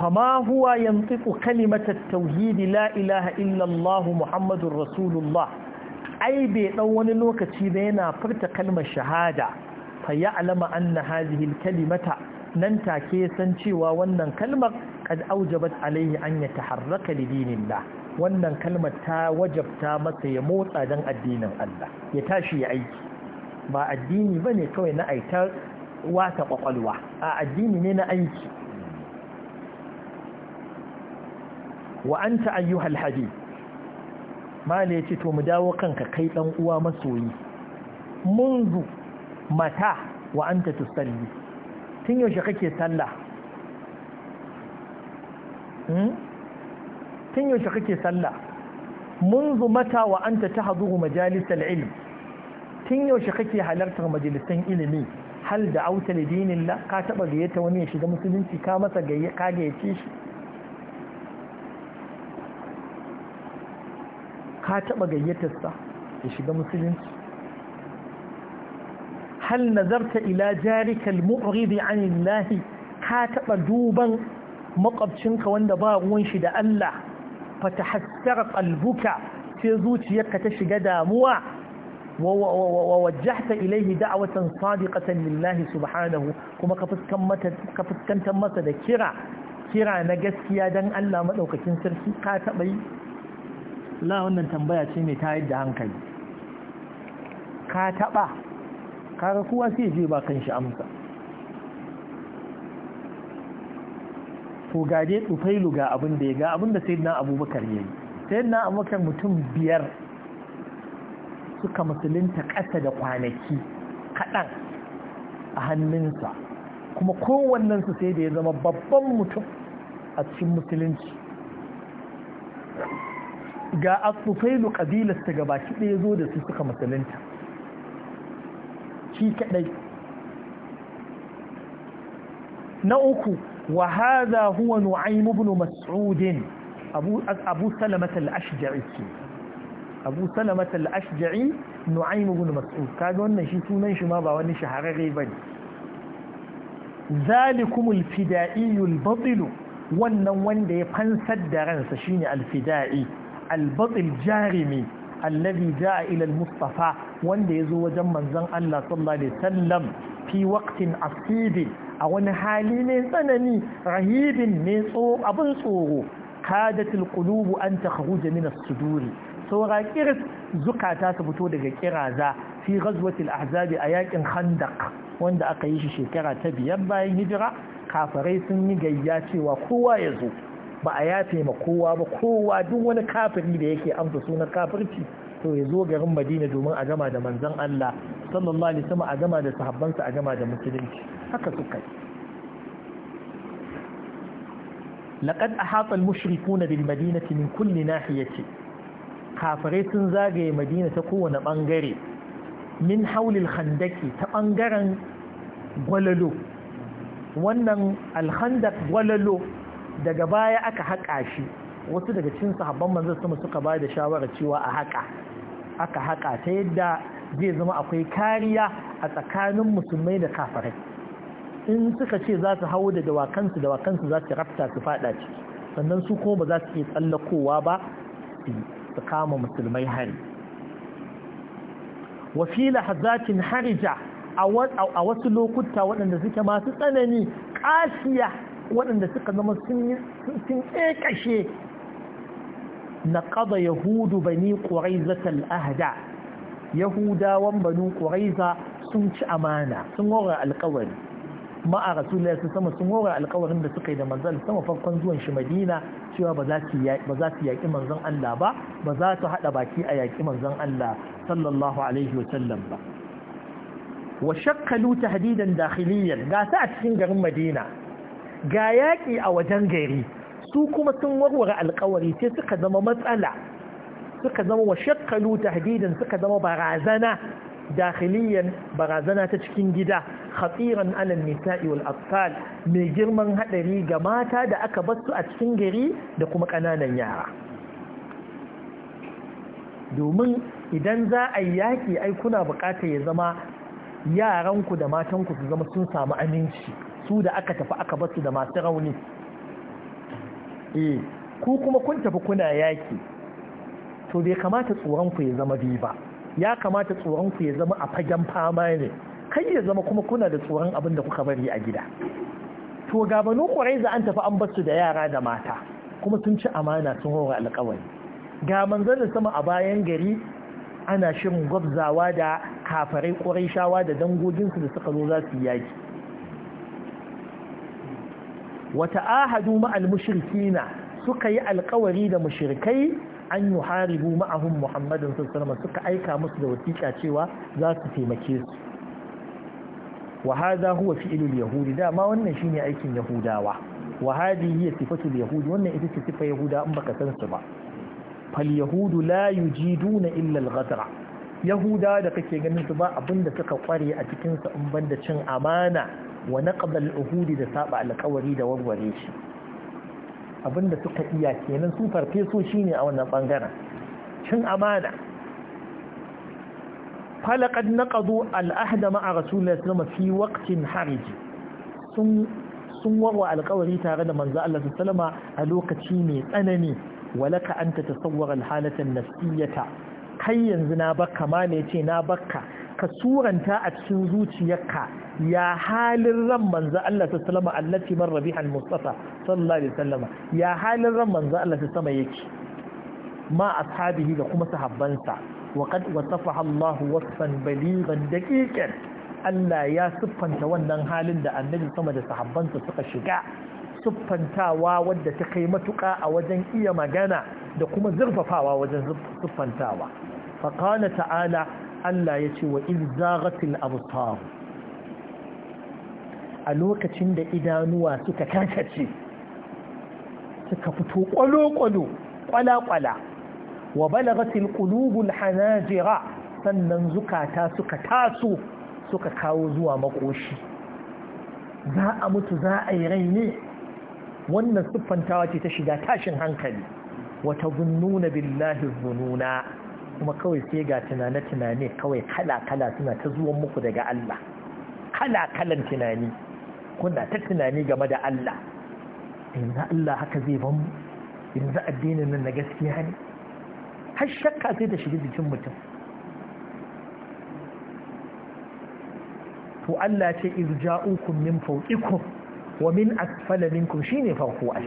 fama huwa yantiku kalimatat tauhidi la ilaha illa Allah muhammadur rasulullah ai bai dan wani lokaci ba yana furta kalmar shahada sa ya'lama anna hadhihi al-kalimata nan take san cewa wannan kalmar kad aujabat alayhi an yataharraka li dinillah wannan kalmar ta wajabta masa ya motsa dan addinin Allah ya tashi ya aiki ba addini ba ne kawai na aitar wata kwakwalwa a addini ne na aiki wa anta ayyuhal hadi mali yace to mu dawo kan ka kai ɗan uwa masoyi Munzu. mata wa an ta tusalli tun yaushe kake sallah hmm? tun yaushe kake sallah منذ متى وأنت تحضر مجالس tun تن يوشي kake halartar majalisan ilimi hal da auta la ka taba gayyata wani ya shiga musulunci ka masa ka gayyace shi ka taba gayyatar sa ya shiga musulunci hal nazarta ila jarika al-mu'ridi an Allah ka taba duban makwabcinka wanda ba ruwan shi da Allah fatahassara kalbuka sai zuciyarka ta shiga damuwa ووجهت إليه دعوة صادقة لله سبحانه كما كفتكن تمت دا كرا كرا نجسيا دان ألا مدوك كنسر في قاتبي لا ce تنبيا تيمي تايد hankali ka قاتبا kaga kowa sai je ba kan shi amsa to ga dai tufailu ga abin da ya ga abin da sayyidina abubakar ya yi sayyidina abubakar mutum biyar suka musulunta ƙasa da kwanaki kaɗan a hannunsa kuma kowannensu sai da ya zama babban mutum a cikin musulunci ga asufailu ƙabilarsa ga baki ɗaya zo da su suka musulunta shi kadai na uku wa hadha huwa nu'aym ibn mas'ud abu abu salamat al-ashja'i abu salamat al-ashja'i nu'aym ibn mas'ud kaga wannan shi sunan shi ma ba wani shahararre bane zalikum al-fida'i al-batil wannan wanda ya fansar da ransa shine al-fida'i al-batil jarimi alladhi jaa ila al-mustafa wanda ya zo wajen manzon Allah sallallahu alaihi wasallam fi waqtin asidi a wani hali ne tsanani rahibin ne abin tsoro kadatul qulubu an takhruja min as-suduri saura kiris zukata ta fito daga kiraza fi ghazwatil ahzabi a yakin khandaq wanda aka yi shi shekara ta biyar bayan hijira kafirai sun yi gayya cewa kowa ya zo ba a yafe ma kowa ba kowa duk wani kafiri da yake amsa sunan kafirci to ya zo garin madina domin a gama da manzan Allah sallallahu alaihi wasallam a gama da sahabbansa a gama da musulunci haka suka yi laqad ahata al-mushrikuna bil madinati min kulli nahiyati kafare sun zagaye madina ta kowane bangare min al khandaki ta bangaren gwalalo wannan al-khandak gwalalo daga baya aka haƙa shi wasu daga cikin sahabban manzo sama suka ba da shawara cewa a haka aka haka ta yadda zai zama akwai kariya a tsakanin musulmai da kafirai in suka ce za su hau da dawakansu dawakansu za su rafta su fada ciki sannan su kuma ba za su iya tsallakowa ba su kama musulmai hari wafila hazatin harija a wasu lokuta waɗanda suke masu tsanani ƙasiya waɗanda suka zama sun ƙeƙashe naqada yahudu bani quraiza al-ahda yahudawan bani quraiza sun ci amana sun wara alƙawari ma'a rasulullahi sun sama sun wara alƙawarin da suka yi da manzon sama farkon zuwan shi Madina cewa ba za su ba za yaki manzon Allah ba ba za su hada baki a yaki manzon Allah sallallahu alaihi wa sallam ba wa shakkalu tahdidan dakhiliyan gasa a cikin garin Madina ga yaki a wajen gari su kuma sun warware alkawari sai suka zama matsala suka zama wa shakkalu tahdidan suka zama barazana dakhiliyan barazana ta cikin gida khatiran alal nisa'i wal atfal mai girman hadari ga mata da aka basu a cikin gari da kuma kananan yara domin idan za a yi yaki ai kuna bukatar ya zama yaranku da matanku su zama sun samu aminci su da aka tafi aka basu da masu rauni eh ku kuma kun tafi kuna yaki to bai kamata tsoron ku ya zama bi ba ya kamata tsoron ku ya zama a fagen fama ne kai ya zama kuma kuna da tsoron abin da kuka bari a gida to gabanu Banu za an tafi an basu da yara da mata kuma sun ci amana sun hore alƙawari ga manzon sama a bayan gari ana shirin gwabzawa da kafarai ƙwarai shawa da dangoginsu da suka zo za su yi yaki wata ahadu ma'al mushrikina suka yi alkawari da mushrikai an yi haribu ma'ahun muhammadin sassanama suka aika musu da wasiƙa cewa za su taimake su wa huwa fi'ilul yahudi dama wannan shine aikin yahudawa wa hadi hiya sifatul yahudi wannan ita ce sifa yahuda in baka san su ba fal yahudu la yujiduna illa al-ghadra yahuda da kake ganin su ba abinda suka kware a cikin su in banda cin amana wa naqbal uhudi da saba alƙawari da warware shi abinda suka iya kenan su farfeso shine a wannan bangaren cin amana falaqad naqadu al'ahda ma'a rasulillahi sallallahu alaihi wasallam fi waqtin harij sun sun warwa alƙawari tare da manzo Allah sallallahu alaihi a lokaci mai tsanani walaka anta tasawwara al-halata an-nafsiyyata kai yanzu na bakka ma ne na bakka ka suranta a cikin zuciyarka ya halin ran manzo Allah ta sallama allati man rabiha al-mustafa sallallahu alaihi ya halin ran manzo Allah ta sama yake ma ashabihi da kuma sahabbansa wa qad wasafaha Allah wasfan daqiqan Allah ya siffanta wannan halin da annabi sama da sahabbansa suka shiga siffantawa wadda ta kai matuƙa a wajen iya magana da kuma zurfafawa wajen siffantawa faƙana ta'ala Allah ya ce wa izagatil abtar a lokacin da idanuwa suka karkace suka fito kwalo-kwalo kwala-kwala wa balagatil qulubul hanajira sannan zukata suka taso suka kawo zuwa makoshi za a mutu za a yi rai ne wannan siffantawa ce ta shiga tashin hankali wata zununa billahi zununa kuma kawai sai ga tunane-tunane kawai kala-kala suna ta zuwan muku daga Allah kala-kalan tunani kuna ta tunani game da Allah yanzu Allah haka zai ban yanzu addinin nan na gaskiya ne har shakka sai da shiga jikin mutum to Allah ce irja'ukum min fawqikum wa min asfala minkum shine farko ai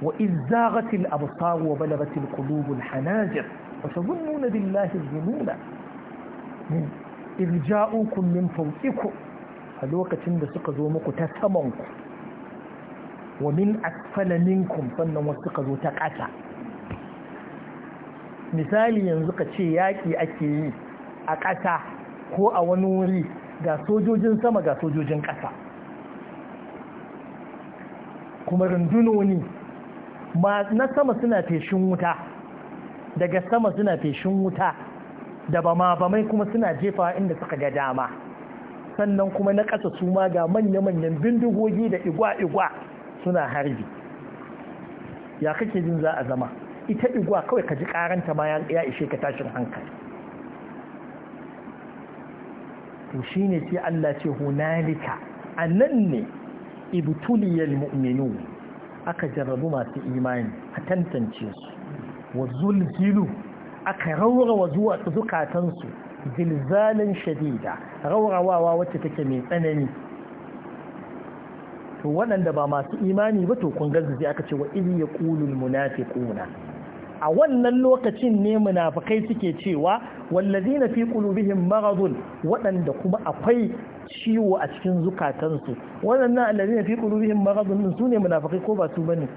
wa izaghatil absar wa balagatil qulubul hanajir وتظنون بالله الظنون irja'ukum min fawqikum a lokacin da suka zo muku ta saman wa min asfala minkum sannan wasu suka zo ta ƙasa misali yanzu ka ce yaƙi ake yi a ƙasa ko a wani wuri ga sojojin sama ga sojojin ƙasa kuma rundunoni na sama suna feshin wuta daga sama suna feshin wuta da bama bamai kuma suna jefa inda suka ga dama sannan kuma na ƙasa su ma ga manya-manyan bindigogi da igwa-igwa suna harbi ya kake jin za a zama ita igwa kawai ka ji karanta ma ya ishe ka tashin hankali to shi ne ce Allah ce hunalika a nan ne ibtuliyal mu'minu aka jarrabu masu imani a tantance su wa zulzilu aka raurawa zuwa zukatansu zilzalin shadida raurawawa wacce take mai tsanani to waɗanda ba masu imani ba to kun gazzaje aka ce wa idh yaqulul munafiquna a wannan lokacin ne munafikai suke cewa wallazina fi qulubihim maradun waɗanda kuma akwai ciwo a cikin zukatansu waɗannan allazina fi qulubihim maradun su ne ko ba su bane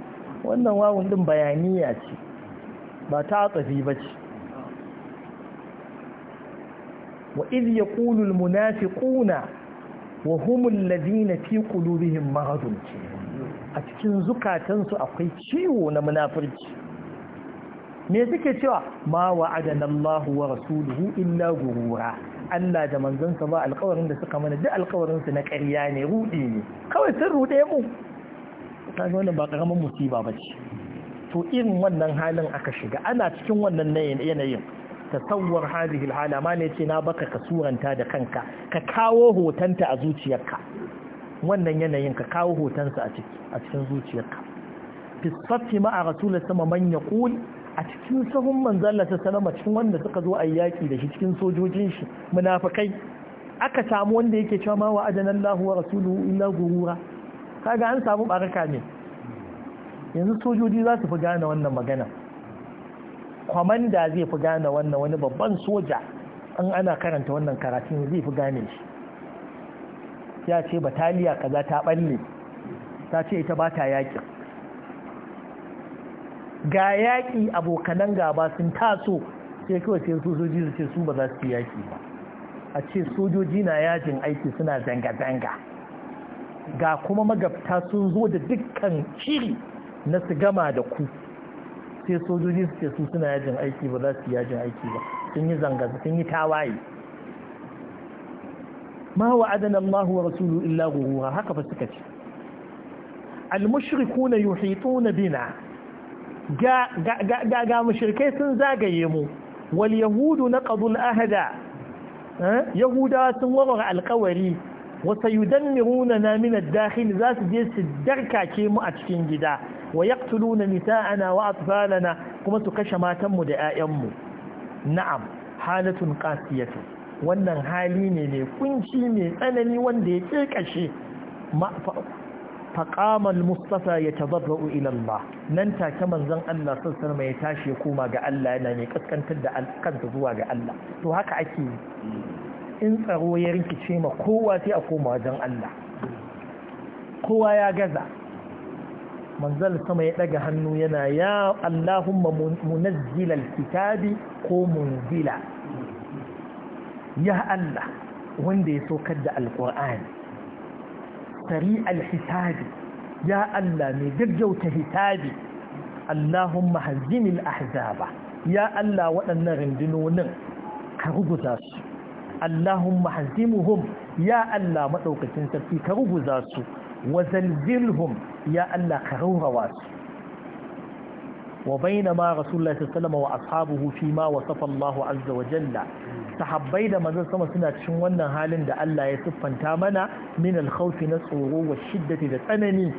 wannan wawun din bayaniya ce ba ta tsafi ba ce wa iz yaqulu al munafiquna wa hum alladhina fi qulubihim maradun a cikin zukatansu akwai ciwo na munafurci me suke cewa ma wa'adana Allahu wa rasuluhu illa gurura Allah da manzansa ba alƙawarin da suka mana duk alƙawarin su na ƙarya ne rudi ne kawai sun rude mu zo wannan ba ƙaramin musiba bace to irin wannan halin aka shiga ana cikin wannan yanayin tasawwar hadhihi alhala ma ne ce na baka ka suranta da kanka ka kawo hotonta a zuciyarka wannan yanayin ka kawo hotonsa a ciki a cikin zuciyarka fi ma a rasulun sama manya yaqul a cikin sahun manzala ta salama cikin wanda suka zo a yaki da shi cikin sojojin shi munafakai aka samu wanda yake cewa ma wa ajanan lahuwa wa rasuluhu illa gurura kaga an samu baraka ne yanzu sojoji za su fi gane wannan magana kwamanda zai fi gane wannan wani babban soja an ana karanta wannan karatun zai fi gane shi ya ce bataliya kaza ta balle ta ce ita ba ta yaƙi ga yaƙi abokanan gaba sun taso sai kawai sai sojoji su ce su ba za su yaƙi ba a ce sojoji na yajin aiki suna zanga-zanga ga kuma magabta sun zo da dukkan shiri na su gama da ku sai sojoji su ce su suna yajin aiki ba za su yajin aiki ba sun yi zanga sun yi tawaye ma wa adana Allah wa rasulu illa gurura haka ba suka ce al-mushrikuna Na bina ga ga ga ga mushrikai sun zagaye mu wal yahudu na naqadul ahada eh? yahuda sun warware alkawari wa sayudammiruna na min ad-dakhil za su je su darkake mu a cikin gida wa yaqtuluna nisa'ana wa atfalana kuma su kashe matan mu da ƴaƴan mu na'am halatun qasiyatu wannan hali ne ne kunci mai tsanani wanda yake kashe Faƙaman al ya yatabarra'u ila Allah nan ta ta manzon Allah sallallahu alaihi wasallam ya tashi kuma ga Allah yana ne kaskantar da alƙan zuwa ga Allah to haka ake in tsaro ya rikice cewa kowa sai a koma wajen Allah kowa ya gaza manzal sama ya daga hannu yana ya Allahumma munazzilal kitabi ko munzila ya Allah wanda ya saukar da alƙur'ani sari alhisabi ya Allah mai gaggauta hisabi Allahumma hazimil ahzaba ya Allah waɗannan rundunonin ka ruguza su Allahumma hazimuhum ya Allah maɗaukacin sarki ka ruguza su وزلزلهم يا الله كروها واسو وبينما رسول الله صلى الله عليه وسلم وأصحابه فيما وصف الله عز وجل sahabbai da manzon sama suna cikin wannan halin da Allah ya siffanta mana min alkhawfi na tsoro wa shiddati da tsanani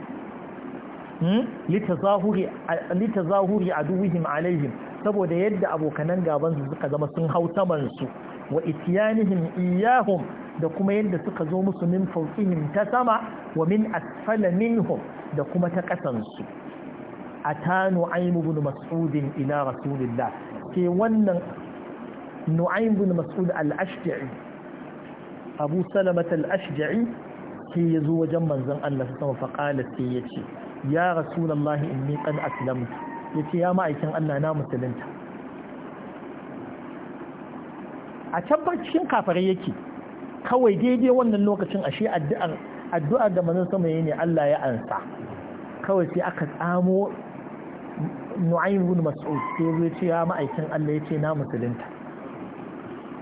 litazahuri aduwihim alaihim saboda yadda abokanan gaban su suka zama sun hau saman su wa itiyanihim iyahum da kuma yadda suka zo musu min fawqihim ta sama wa min asfala minhum da kuma ta kasan su atanu aimu bin mas'ud ila rasulillah ke wannan nu'aim bin mas'ud al-ashja'i abu salamat al-ashja'i ke yazo wajen manzon Allah sama fa qala sai yace ya rasulullah inni qad aslamtu yace ya ma'aikin Allah na musulunta a can cikin kafare yake kawai daidai wannan lokacin ashe addu'ar addu'ar da manzon sama yi ne Allah ya ansa kawai sai aka tsamo Nu'aym ibn Mas'ud sai ya ce ya ma'aikin Allah ya ce na musulunta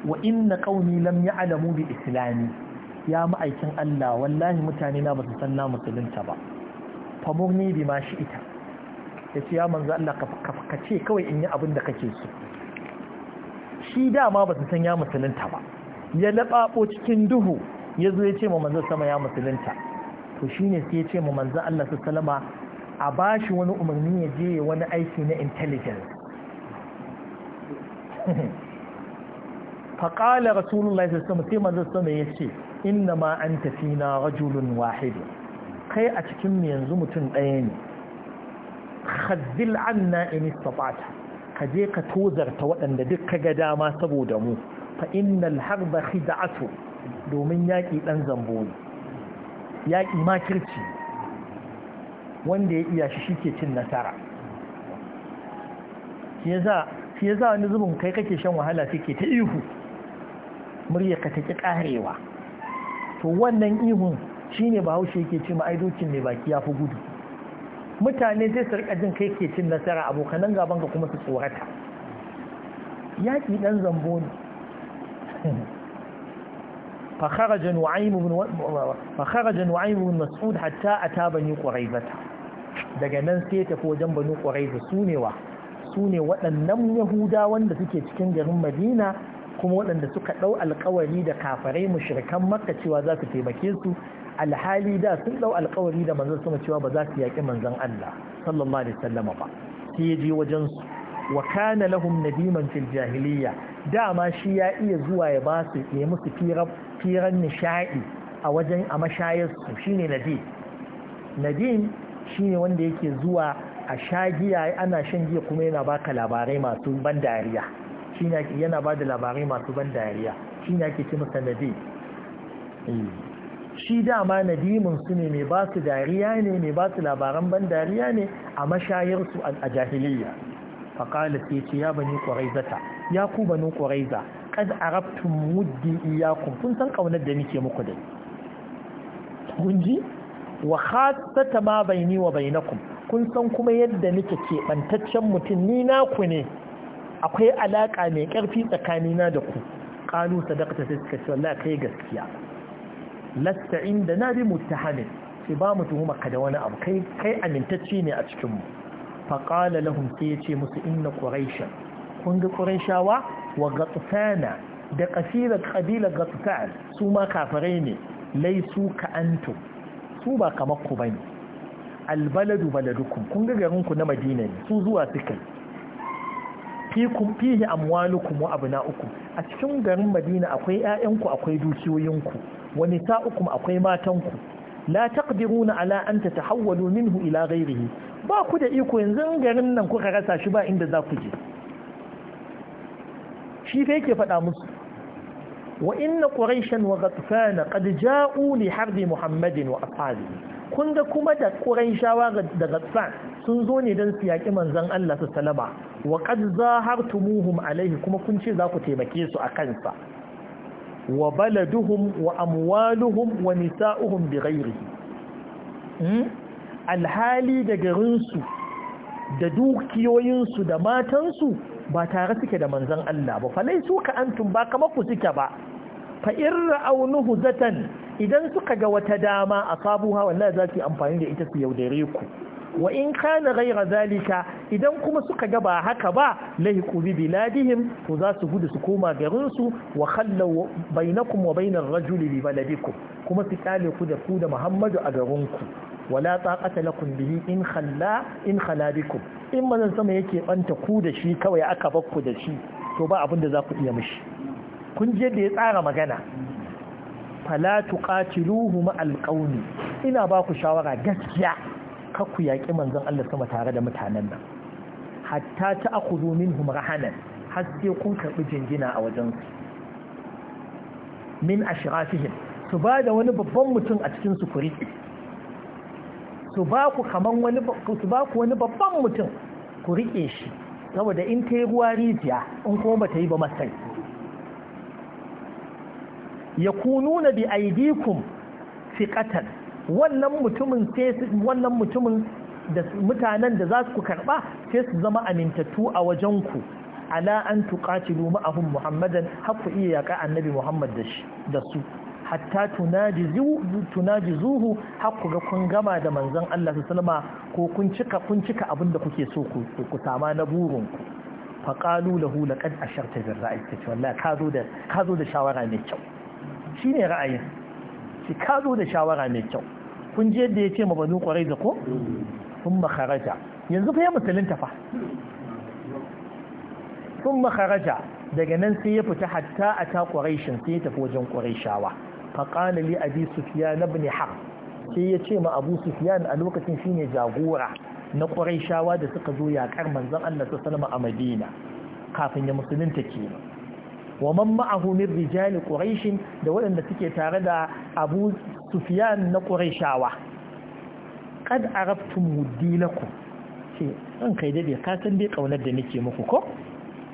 wa inna qaumi lam ya'lamu bi islami ya ma'aikin Allah wallahi mutane na basu san na musulunta ba famurni bi ma shi ita ce ya manzo Allah ka ce kawai in yi abin da kake so shi dama basu san ya musulunta ba ya laɓaɓo cikin duhu ya zo ya ce ma manzo sama ya musulunta to shine sai ya ce ma manzo Allah su salama a ba shi wani umarni ya je wani aiki na intelligence faƙala rasulullahi su sama sai manzo sama ya ce inna ma an tafi na rajulun wahidu kai a cikin mu yanzu mutum ɗaya ne khazil anna in istata ka je ka tozarta waɗanda duk ka ga dama saboda mu fa innal harba khid'atu domin yaki dan zambo ne ma makirci wanda ya iya shi shike cin nasara shi yasa shi wani zubin kai kake shan wahala kake ta ihu murya ka take karewa to wannan ihun shine bahaushe yake ce ma aidokin mai baki ya fi gudu mutane zai su jin kai ke cin nasara abokanan gaban ka kuma su tsorata yaƙi ɗan zambo فخرج نعيم بن و... فخرج نعيم مسعود حتى أتى بني daga nan sai tafi wajen banu da su ne wa su ne waɗannan yahuda wanda suke cikin garin madina kuma waɗanda suka ɗau alkawari da kafarai mushrikan makka cewa za su taimake su alhali da sun ɗau alkawari da manzon sama cewa ba za su yaƙi manzon Allah sallallahu alaihi wasallama ba sai ya je wajen su wa kana lahum nadiman fil jahiliyya dama shi ya iya zuwa ya ba su ya musu firan nishaɗi a wajen a su shi ne nadin nadim shi ne wanda yake zuwa a shagiya ana shan giya kuma yana baka labarai masu ban dariya shi yana ba da labarai masu ban dariya shi ne ake ce masa nadin eh. shi dama nadimin su ne mai ba su dariya ne mai ba su labaran ban dariya ne a mashayar su a jahiliya faƙala sai ce ya bani ƙwaraizata ya ku bani ƙwaraiza kad arabtum muddi kun san ƙaunar da nike muku da kun ji wa khassata ma baini wa bainakum kun san kuma yadda nake keɓantaccen mutum ni naku ne akwai alaƙa mai ƙarfi tsakanina da ku ƙalu sadaqata sai suka ce wallahi kai gaskiya lasta inda na bi muttahamin sai ba mu tuhuma ka da wani abu kai kai amintacce ne a cikin mu faƙala lahum sai ya ce musu inna ƙuraisha kun ga ƙuraishawa wa gatsana da ƙasirar ƙabilar gatsan su ma ne laisu ka su ba kamar ku bane albaladu baladukum kun ga garinku na madina ne su zuwa suka fikum fihi amwalukum wa abna'ukum a cikin garin madina akwai ƴaƴanku akwai dukiyoyinku wa nisa'ukum akwai matanku la taqdiruna ala an tatahawwalu minhu ila ghayrihi ba ku da iko yanzu garin nan kuka rasa shi ba inda za ku je shi fa yake faɗa musu wa inna quraishan wa ghatfana qad ja'u li harbi muhammadin wa ashabi kun ga kuma da quraishawa da ghatfan sun zo ne dan su yaki manzon Allah su salama wa qad zahartumuhum alaihi kuma kun ce za ku taimake su a kansa wa baladuhum wa amwaluhum wa nisa'uhum bi ghairihi hmm? alhali da garinsu da dukiyoyinsu da matansu ba tare suke da manzan Allah ba falai su ka antum ba ku suke ba fa in ra'aunuhu zatan idan suka ga wata dama a sabuwa wallahi za su yi amfani da ita su yaudare ku wa in kana ghayra zalika idan kuma suka ga ba haka ba lahi bi biladihim to za su gudu su koma garin su wa khallu bainakum wa bainar rajuli li baladikum kuma su kale ku da ku da Muhammadu a garin ku wala taqata lakum bihi in khalla in khala bikum in manzon sama yake banta ku da shi kawai aka bakku da shi to ba abin da za ku iya mishi kun je da ya tsara magana fala tuqatiluhu ma alqawmi ina ba ku shawara gaskiya kakku yaƙi manzon Allah sama tare da mutanen nan hatta ta akudu minhum rahanan har sai kun karɓi jingina a wajen su min ashrafihim su ba da wani babban mutum a cikin su kuri su ba ku kaman wani su ba ku wani babban mutum ku rike shi saboda in ta yi ruwa rijiya in kuma ba ta yi ba masai ya kununa bi aidikum fiqatan wannan mutumin wannan mutumin da mutanen da za su karba sai su zama amintattu a wajen ku ala an tuqatilu ma'ahum muhammadan haku iya yaka annabi muhammad da shi da su hatta tunajizu tunajizuhu haku ga kun gama da manzon Allah sallama ko kun cika kun cika abinda kuke so ku ku sama na burin ku fa qalu lahu laqad asharta bil ta tace wallahi ka da ka zo da shawara mai kyau shine ra'ayin ki ka da shawara mai kyau kun je yadda ya ce ma banu kwarai da ko sun makaraja yanzu fa ya musulun fa sun makaraja daga nan sai ya fita hatta a ta shi sai ya tafi wajen shawa faƙana li abi sufiya na Bani har sai ya ce ma abu sufiyan a lokacin shine jagora na shawa da suka zo yaƙar manzon allah su salama a madina kafin ya musulunta kenan wa man ma'ahu min rijali quraish da waɗanda suke tare da Abu Sufyan na Qurayshawa kad araftum dinakum ce an kai dade ka san dai kaunar da nake muku ko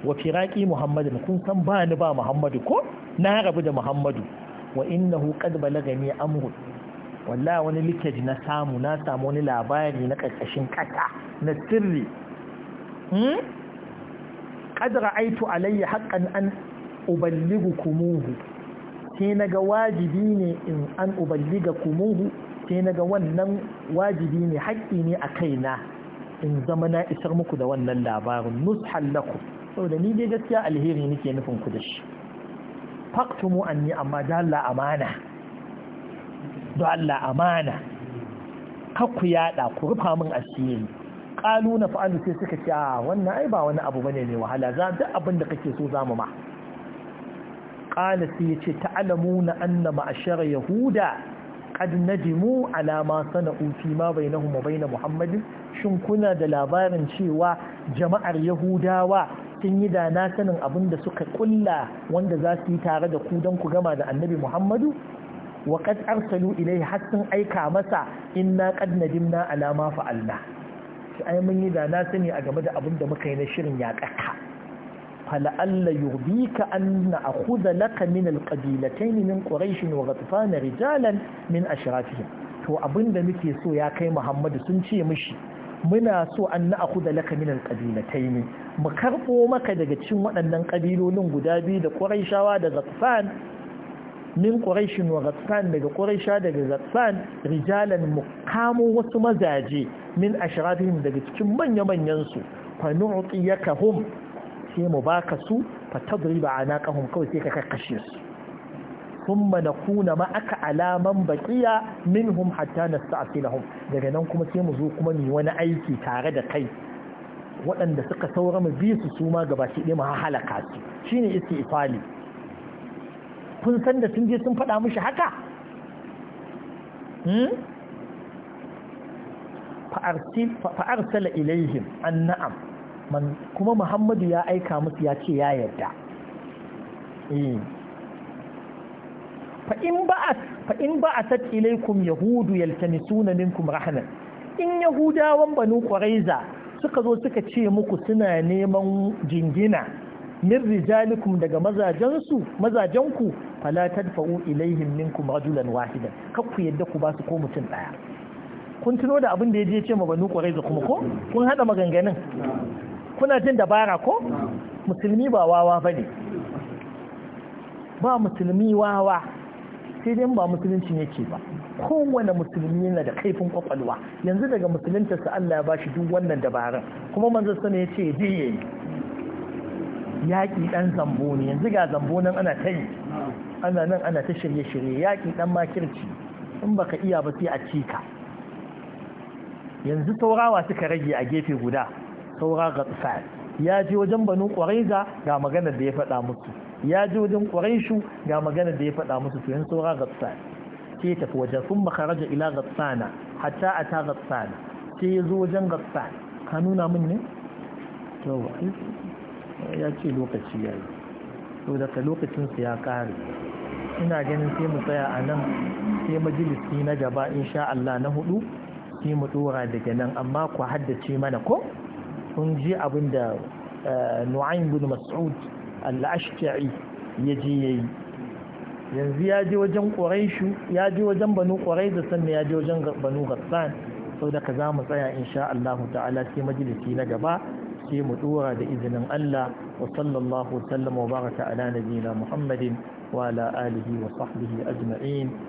wa firaqi muhammadin kun san ba ni ba muhammadu ko na rabu da muhammadu wa innahu qad balagani amru wallahi wani likaji na samu na samu wani labari na karkashin kaka na sirri hmm qad ra'aytu alayya haqqan an uballigu kumuhu sai naga wajibi ne in an uballiga kumuhu sai naga wannan wajibi ne haƙƙi ne a kaina in zama na isar muku da wannan labarin nushan laku saboda ni dai gaskiya alheri nake nufin ku da shi an anni amma da Allah amana da Allah amana ku yaɗa ku rufa min asiri kalu na fa'alu sai suka ce a ah, wannan ai ba wani abu bane ne wahala za duk abin da kake so zamu ma qala sai yace na anna ma'ashara yahuda qad nadimu ala ma sana'u fi ma baina wa bain muhammadin shin kuna da labarin cewa jama'ar yahudawa sun yi da na sanin abin da suka kulla wanda za su yi tare da ku don ku gama da annabi muhammadu wa qad arsalu har sun aika masa in na nadimna ala ma fa'alna shi ai mun yi da na sani a game da abin da muka yi na shirin yaƙaka fala'alla yurbika an na'khudha laka min alqabilatayn min quraish wa ghatfan rijalan min ashrafihim to abinda muke so ya kai muhammadu sun ce mishi muna so an na'khudha laka min ne mu karɓo maka daga cikin waɗannan kabilolin guda biyu da ƙwarai shawa da ghatfan min quraish wa ghatfan daga ƙwarai quraisha daga ghatfan rijalan mu kamo wasu mazaje min ashrafihim daga cikin manya-manyan manyansu su fa nu'tiyakahum sai mu baka su fa tadriba anaqahum kawai sai ka kakkashe su thumma nakuna ma'aka alaman baqiya minhum hatta nasta'silahum daga nan kuma sai mu zo kuma mu wani aiki tare da kai waɗanda suka saura mu bi su su ma gaba shi ɗaya mu halaka su shine isti'fali kun san da sun je sun faɗa mishi haka فأرسل فأرسل an na'am. kuma muhammadu ya aika musu ya ce ya yarda eh. fa'in ba a sat ilaikum yahudu yaltamisuna minkum rahman in yahudawan banu ƙwaraiza suka zo suka ce muku suna neman jingina min rijalikum daga mazajensu mazajenku falatar fa’u ilaihim minkum rajulan wahidan kakku yadda ku ba su ko mutum ɗaya. kun tuno da abin da ya je ce ma banu ƙwaraiza kuma ko kun haɗa maganganun kuna jin dabara ko musulmi ba wawa ba ne ba musulmi wawa sai dai ba musulunci yake ba kowane musulmi yana da kaifin kwakwalwa yanzu daga musulunta su Allah ya bashi duk wannan dabarun kuma manzo sana ya ce je yayi yaƙi ɗan zambo ne yanzu ga zambo nan ana ta ana nan ana ta shirye-shirye yaƙi ɗan makirci in baka iya ba sai a cika yanzu saurawa suka rage a gefe guda saura ga ya je wajen banu ƙwaraiza ga maganar da ya faɗa musu ya je wajen ƙwaraishu ga maganar da ya faɗa musu to yan saura ga tsari tafi wajen sun makaraja ila gatsana hatta a ta gatsana sai ya zo wajen gatsana ka nuna min ne? to ya ce lokaci ya yi to daga lokacinsu ya kare ina ganin sai mu tsaya a nan sai majalisi na gaba insha Allah na hudu sai mu dora daga nan amma ku haddace mana ko? kun ji abin da eh, nu'ayn bin mas'ud al-ashja'i ya je yayi yanzu ya ji wajen quraishu ya je wajen banu sannan ya ji wajen banu ghassan sau da ka za mu tsaya insha Allah ta'ala sai majalisi na gaba sai mu dora da izinin Allah wa sallallahu wa sallama wa baraka ala nabiyina Muhammadin wa ala alihi wa sahbihi ajma'in